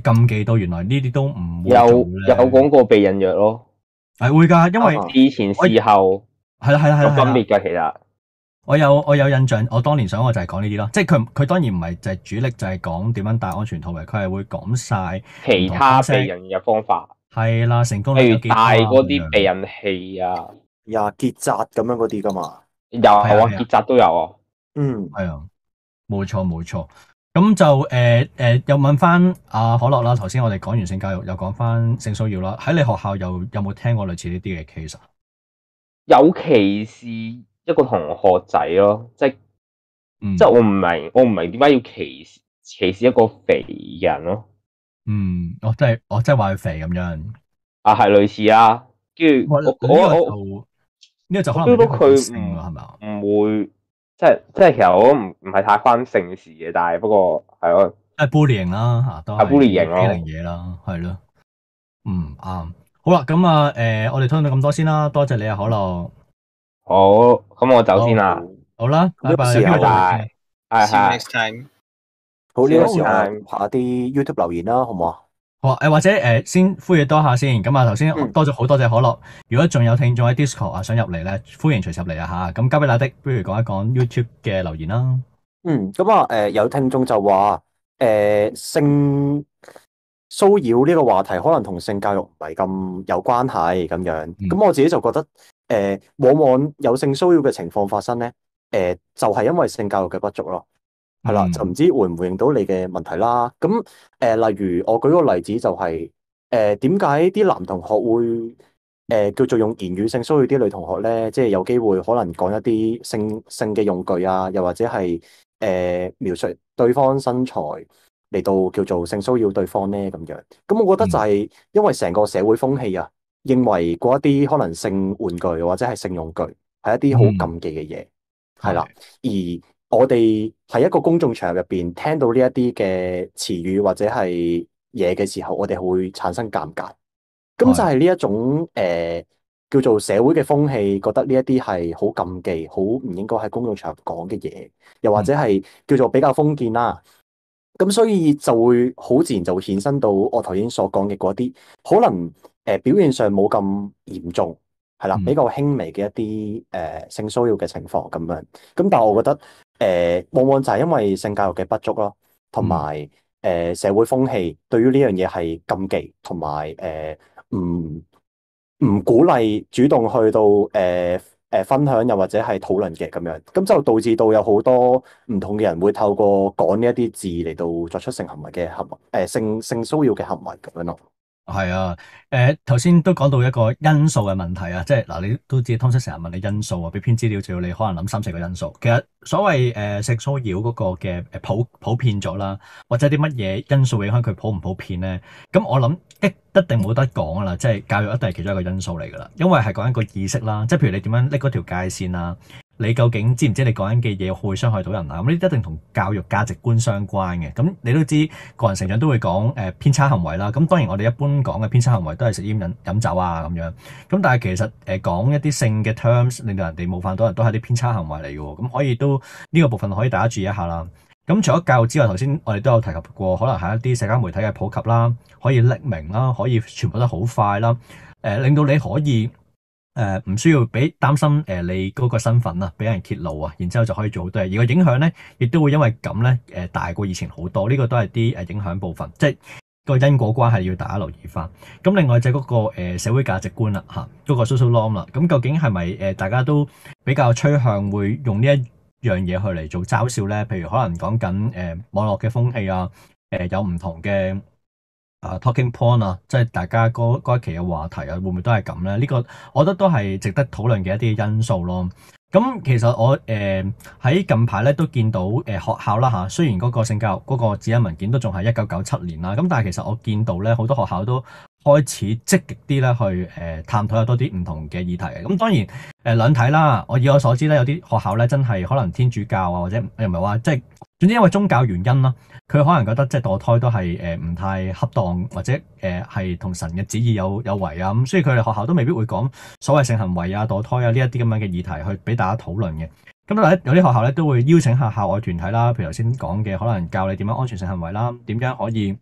[SPEAKER 2] 誒禁忌到？原來呢啲都唔
[SPEAKER 1] 會有有講過避孕藥咯，係會噶，因為以前事後，係啦係啦係啦，啊啊、是有分別噶其實、啊。
[SPEAKER 2] 我有我有印象，我當年想我就係講呢啲咯，即係佢佢當然唔係就係主力，就係講點樣戴安全套嘅，佢係會講晒其他避孕嘅方法。係啦，成功例如戴嗰啲避孕
[SPEAKER 3] 器啊，呀、啊、結紮咁樣嗰啲噶嘛，
[SPEAKER 1] 又係喎結紮都有
[SPEAKER 2] 啊。嗯，係啊，冇錯冇錯。咁就誒誒、呃呃，又問翻阿、啊、可樂啦。頭先我哋講完性教育，又講翻性騷擾啦。喺你學校有有冇聽過類似呢啲嘅 case 啊？
[SPEAKER 1] 有歧視。一個同學仔咯，即係，即係我唔明，我唔明點解要歧視歧視一個肥人咯？嗯，
[SPEAKER 2] 我真係，哦，即係話佢肥咁樣，
[SPEAKER 1] 啊，係類似啊，跟住我我我呢個就可能，feel 到佢唔係嘛？唔會，即係即係，其實我都唔唔係太關姓事嘅，但係不過係咯，
[SPEAKER 2] 即係 bully 型啦，吓都係 bully 型呢樣嘢啦，係咯，嗯，
[SPEAKER 1] 啱。
[SPEAKER 2] 好啦，咁啊，誒，我哋討論到咁多先啦，多謝你啊，可樂。
[SPEAKER 1] 好，咁我走先啦，哦。
[SPEAKER 2] 好啦，拜拜，
[SPEAKER 1] 兄弟。係係。好，呢個時
[SPEAKER 3] 間拍一啲 YouTube 留言啦，好唔好
[SPEAKER 2] 好？誒，或者誒、呃，先呼籲多下先。咁啊，頭先多咗好多只可樂。嗯、如果仲有聽眾喺 Discord 啊，想入嚟咧？歡迎隨時嚟啊吓。咁交俾阿的，不如講一講 YouTube 嘅留言啦，嗯。
[SPEAKER 3] 嗯、咁、嗯、啊、誒、呃，有聽眾就話，誒、呃，性騷擾呢個話題，可能同性教育唔係咁有關係咁樣。咁、嗯、我自己就覺得。誒往往有性騷擾嘅情況發生咧，誒、呃、就係、是、因為性教育嘅不足咯，係啦、嗯，就唔知回唔回應到你嘅問題啦。咁誒、呃，例如我舉個例子就係、是，誒點解啲男同學會誒、呃、叫做用言語性騷擾啲女同學咧？即、就、係、是、有機會可能講一啲性性嘅用具啊，又或者係誒、呃、描述對方身材嚟到叫做性騷擾對方咧咁樣。咁我覺得就係因為成個社會風氣啊。嗯認為嗰一啲可能性玩具或者係性用具係一啲好禁忌嘅嘢，係啦、嗯。的而我哋喺一個公眾場合入邊聽到呢一啲嘅詞語或者係嘢嘅時候，我哋會產生尷尬。咁的就係呢一種誒、呃、叫做社會嘅風氣，覺得呢一啲係好禁忌，好唔應該喺公眾場合講嘅嘢，又或者係叫做比較封建啦。咁、嗯、所以就會好自然就會衍生到我頭先所講嘅嗰啲可能。誒、呃，表現上冇咁嚴重，係啦，比較輕微嘅一啲誒、呃、性騷擾嘅情況咁樣。咁但係我覺得，誒、呃，往往就係因為性教育嘅不足咯，同埋誒社會風氣對於呢樣嘢係禁忌，同埋誒唔唔鼓勵主動去到誒誒、呃呃、分享又或者係討論嘅咁樣，咁就導致到有好多唔同嘅人會透過講呢一啲字嚟到作出、呃、性行為嘅行誒性性騷擾嘅行為咁樣咯。
[SPEAKER 2] 係啊，誒頭先都講到一個因素嘅問題啊，即係嗱，你都知通識成日問你因素啊，俾篇資料就要你可能諗三四個因素。其實所謂誒食疏擾性騷擾嗰個嘅誒普普遍咗啦，或者啲乜嘢因素影響佢普唔普遍咧？咁我諗一、欸、一定冇得講啦，即係教育一定係其中一個因素嚟噶啦，因為係講緊個意識啦，即係譬如你點樣拎嗰條界線啦。你究竟知唔知你講緊嘅嘢會傷害到人啊？咁呢啲一定同教育價值觀相關嘅。咁你都知個人成長都會講誒、呃、偏差行為啦。咁當然我哋一般講嘅偏差行為都係食煙、飲酒啊咁樣。咁但係其實誒講、呃、一啲性嘅 terms 令到人哋冒犯到人都係啲偏差行為嚟嘅。咁可以都呢、這個部分可以大家注意一下啦。咁除咗教育之外，頭先我哋都有提及過，可能係一啲社交媒體嘅普及啦，可以匿名啦，可以傳播得好快啦。誒、呃、令到你可以。誒，唔、呃、需要俾擔心，誒、呃，你嗰個身份啊，俾人揭露啊，然之後就可以做好多嘢。而個影響咧，亦都會因為咁咧，誒、呃，大過以前好多。呢、這個都係啲誒影響部分，即係個因果關係要大家留意翻。咁另外就嗰、那個誒、呃、社會價值觀啦、啊，吓、啊，嗰、這個 social norm 啦、啊。咁、嗯、究竟係咪誒大家都比較趨向會用呢一樣嘢去嚟做嘲笑咧？譬如可能講緊誒網絡嘅風氣啊，誒、呃、有唔同嘅。誒，Talking Point 啊，即係大家嗰一期嘅話題啊，會唔會都係咁咧？呢、這個我覺得都係值得討論嘅一啲因素咯。咁、嗯、其實我誒喺、呃、近排咧都見到誒、呃、學校啦吓，雖然嗰個性教育嗰、嗰個指引文件都仲係一九九七年啦，咁但係其實我見到咧好多學校都。開始積極啲咧，去誒探討下多啲唔同嘅議題嘅。咁當然誒兩睇啦，我以我所知咧，有啲學校咧真係可能天主教啊，或者又唔係話即係，總之因為宗教原因啦，佢可能覺得即係墮胎都係誒唔太恰當，或者誒係同神嘅旨意有有違啊。咁所以佢哋學校都未必會講所謂性行為啊、墮胎啊呢一啲咁樣嘅議題去俾大家討論嘅。咁但係有啲學校咧都會邀請下校外團體啦，譬如頭先講嘅，可能教你點樣安全性行為啦，點樣可以。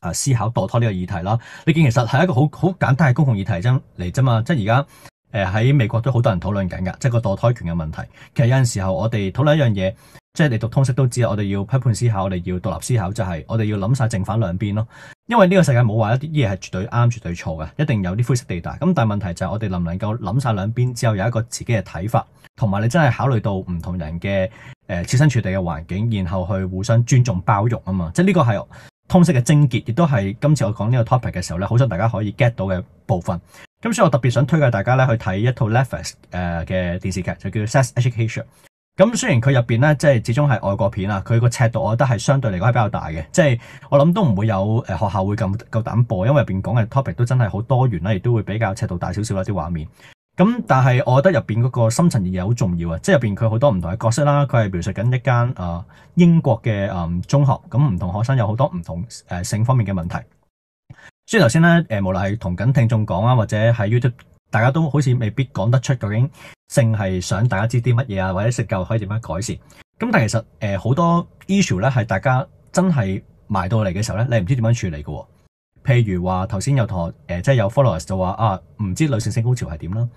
[SPEAKER 2] 啊，思考墮胎呢個議題啦，你見其實係一個好好簡單嘅公共議題，真嚟啫嘛，即係而家誒喺美國都好多人討論緊噶，即係個墮胎權嘅問題。其實有陣時候我哋討論一樣嘢，即係你讀通識都知，我哋要批判思考，我哋要獨立思考，就係、是、我哋要諗晒正反兩邊咯。因為呢個世界冇話一啲嘢係絕對啱、絕對錯嘅，一定有啲灰色地帶。咁但係問題就係我哋能唔能夠諗晒兩邊之後有一個自己嘅睇法，同埋你真係考慮到唔同人嘅誒，設、呃、身處地嘅環境，然後去互相尊重包容啊嘛。即係呢個係。通識嘅癥結，亦都係今次我講呢個 topic 嘅時候咧，好想大家可以 get 到嘅部分。咁所以我特別想推介大家咧去睇一套 Levies 誒嘅電視劇，就叫《Sex Education》。咁雖然佢入邊咧，即係始終係外國片啊，佢個尺度我覺得係相對嚟講係比較大嘅。即係我諗都唔會有誒學校會咁夠膽播，因為入邊講嘅 topic 都真係好多元啦，亦都會比較尺度大少少一啲畫面。咁、嗯、但係我覺得入邊嗰個深層意義好重要啊，即係入邊佢好多唔同嘅角色啦，佢係描述緊一間啊、呃、英國嘅嗯中學，咁、嗯、唔同學生有好多唔同誒性方面嘅問題。所以頭先咧，誒、呃、無論係同緊聽眾講啊，或者喺 YouTube，大家都好似未必講得出究竟性係想大家知啲乜嘢啊，或者性教育可以點樣改善。咁、嗯、但係其實誒好、呃、多 issue 咧，係大家真係埋到嚟嘅時候咧，你唔知點樣處理嘅、啊。譬如話頭先有同學誒，即係有 followers 就話啊，唔知女性性高潮係點啦。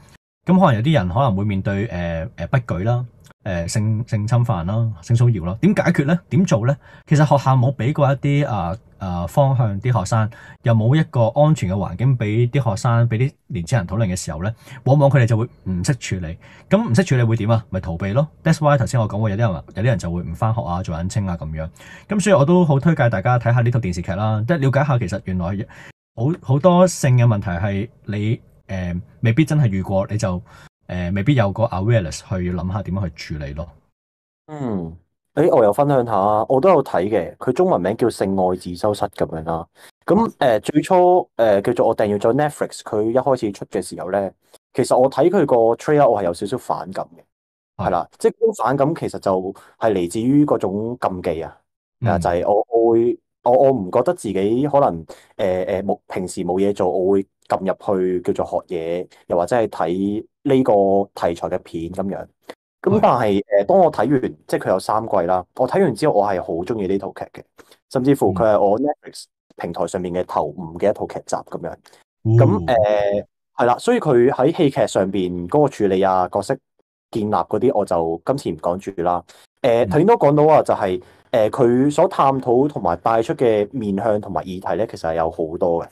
[SPEAKER 2] 咁、嗯、可能有啲人可能會面對誒誒、呃呃、不舉啦。誒性性侵犯咯，性騷擾咯，點解決咧？點做咧？其實學校冇俾過一啲啊啊方向啲學生，又冇一個安全嘅環境俾啲學生，俾啲年青人討論嘅時候咧，往往佢哋就會唔識處理。咁唔識處理會點啊？咪逃避咯。That's why 頭先我講過有啲人，有啲人就會唔翻學啊，做隱青啊咁樣。咁所以我都好推介大家睇下呢套電視劇啦，即係了解下其實原來好好多性嘅問題係你誒、呃、未必真係遇過你就。誒，未必有個 awareness 去諗下點樣去處理咯。
[SPEAKER 3] 嗯，誒、欸，我又分享下，我都有睇嘅。佢中文名叫《性愛自修室》咁樣啦。咁誒、呃，最初誒、呃、叫做我訂閱咗 Netflix，佢一開始出嘅時候咧，其實我睇佢個 trailer，我係有少少反感嘅，係啦的，即係反感，其實就係嚟自於嗰種禁忌啊，嗯、就係我我會我我唔覺得自己可能誒誒冇平時冇嘢做，我會撳入去叫做學嘢，又或者係睇。呢個題材嘅片咁樣，咁但係誒、呃，當我睇完，即係佢有三季啦。我睇完之後，我係好中意呢套劇嘅，甚至乎佢係我 Netflix 平台上面嘅頭五嘅一套劇集咁樣。咁誒係啦，所以佢喺戲劇上邊嗰個處理啊、角色建立嗰啲，我就今次唔講住啦。誒、呃，頭先都講到啊、就是，就係誒佢所探討同埋帶出嘅面向同埋議題咧，其實係有好多嘅，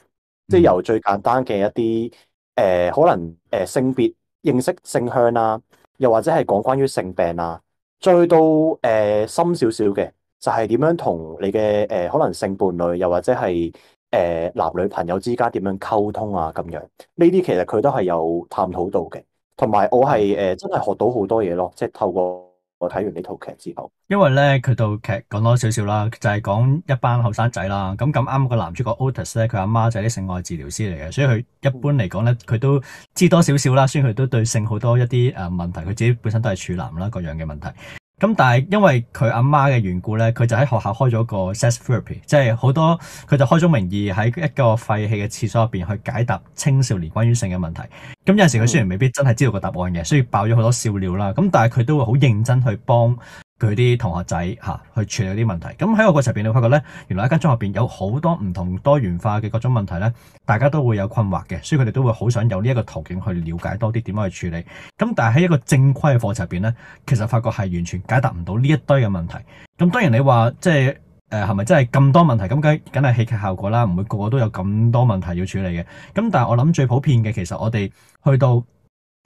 [SPEAKER 3] 即係由最簡單嘅一啲誒、呃，可能誒、呃、性別。認識性向啦、啊，又或者係講關於性病啦、啊，再到誒、呃、深少少嘅就係、是、點樣同你嘅誒、呃、可能性伴侶，又或者係誒、呃、男女朋友之間點樣溝通啊咁樣，呢啲其實佢都係有探討到嘅，同埋我係誒、呃、真係學到好多嘢咯，即係透過。我睇完呢套劇之
[SPEAKER 2] 後，因為咧佢套劇講多少少啦，就係講一班後生仔啦。咁咁啱個男主角 Otis 咧，佢阿媽就係啲性愛治療師嚟嘅，所以佢一般嚟講咧，佢都知多少少啦。雖然佢都對性好多一啲誒問題，佢自己本身都係處男啦，各樣嘅問題。咁但係因為佢阿媽嘅緣故咧，佢就喺學校開咗個 sex therapy，即係好多佢就開咗名義喺一個廢棄嘅廁所入邊去解答青少年關於性嘅問題。咁有陣時佢雖然未必真係知道個答案嘅，所以爆咗好多笑料啦。咁但係佢都會好認真去幫。佢啲同學仔嚇、啊、去處理啲問題，咁喺個課室入邊，你會發覺咧，原來一間中學入邊有好多唔同多元化嘅各種問題咧，大家都會有困惑嘅，所以佢哋都會好想有呢一個途徑去了解多啲點樣去處理。咁但係喺一個正規嘅課程入邊咧，其實發覺係完全解答唔到呢一堆嘅問題。咁當然你話即係誒係咪真係咁多問題？咁梗梗係戲劇效果啦，唔會個個都有咁多問題要處理嘅。咁但係我諗最普遍嘅，其實我哋去到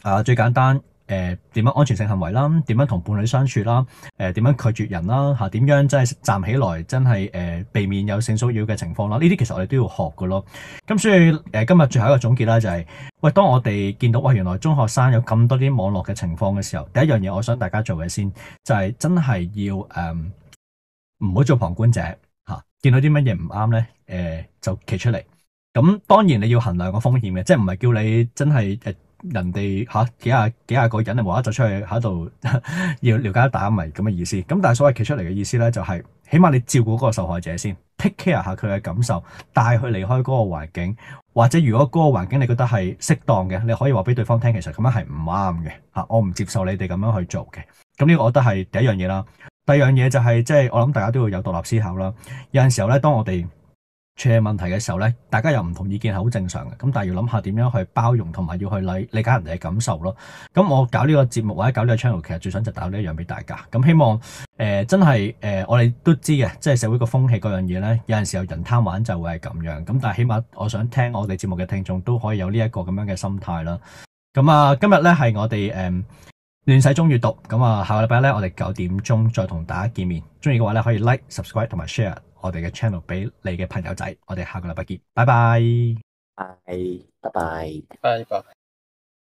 [SPEAKER 2] 啊最簡單。誒，點樣、呃、安全性行為啦，點樣同伴侶相處啦，誒、呃，點樣拒絕人啦，吓、啊，點樣真係站起來，真係誒、呃，避免有性騷擾嘅情況啦，呢啲其實我哋都要學嘅咯。咁所以誒、呃，今日最後一個總結咧就係、是，喂，當我哋見到喂、呃，原來中學生有咁多啲網絡嘅情況嘅時候，第一樣嘢我想大家做嘅先，就係、是、真係要誒，唔、呃、好做旁觀者吓、啊，見到啲乜嘢唔啱咧，誒、呃，就企出嚟。咁當然你要衡量個風險嘅，即係唔係叫你真係誒。呃人哋嚇、啊、幾廿幾廿個人或者就出去喺度要了解一打咪咁嘅意思。咁但係所謂企出嚟嘅意思咧，就係、是、起碼你照顧嗰個受害者先，take care 下佢嘅感受，帶佢離開嗰個環境。或者如果嗰個環境你覺得係適當嘅，你可以話俾對方聽，其實咁樣係唔啱嘅。嚇、啊，我唔接受你哋咁樣去做嘅。咁呢個我覺得係第一樣嘢啦。第二樣嘢就係即係我諗大家都要有獨立思考啦。有陣時候咧，當我哋處理問題嘅時候呢，大家有唔同意見係好正常嘅，咁但係要諗下點樣去包容同埋要去理理解人哋嘅感受咯。咁我搞呢個節目或者搞呢個 channel，其實最想就打呢一樣俾大家。咁希望誒、呃、真係誒、呃、我哋都知嘅，即係社會個風氣各樣嘢呢，有陣時候人貪玩就會係咁樣。咁但係起碼我想聽我哋節目嘅聽眾都可以有呢一個咁樣嘅心態啦。咁啊，今日呢，係我哋誒亂世中閱讀。咁啊，下個禮拜呢，我哋九點鐘再同大家見面。中意嘅話咧，可以 like、subscribe、subscribe 同埋 share。我哋嘅 channel
[SPEAKER 1] 俾你嘅朋友仔，我哋下個禮拜見，拜拜，係，拜拜，拜拜。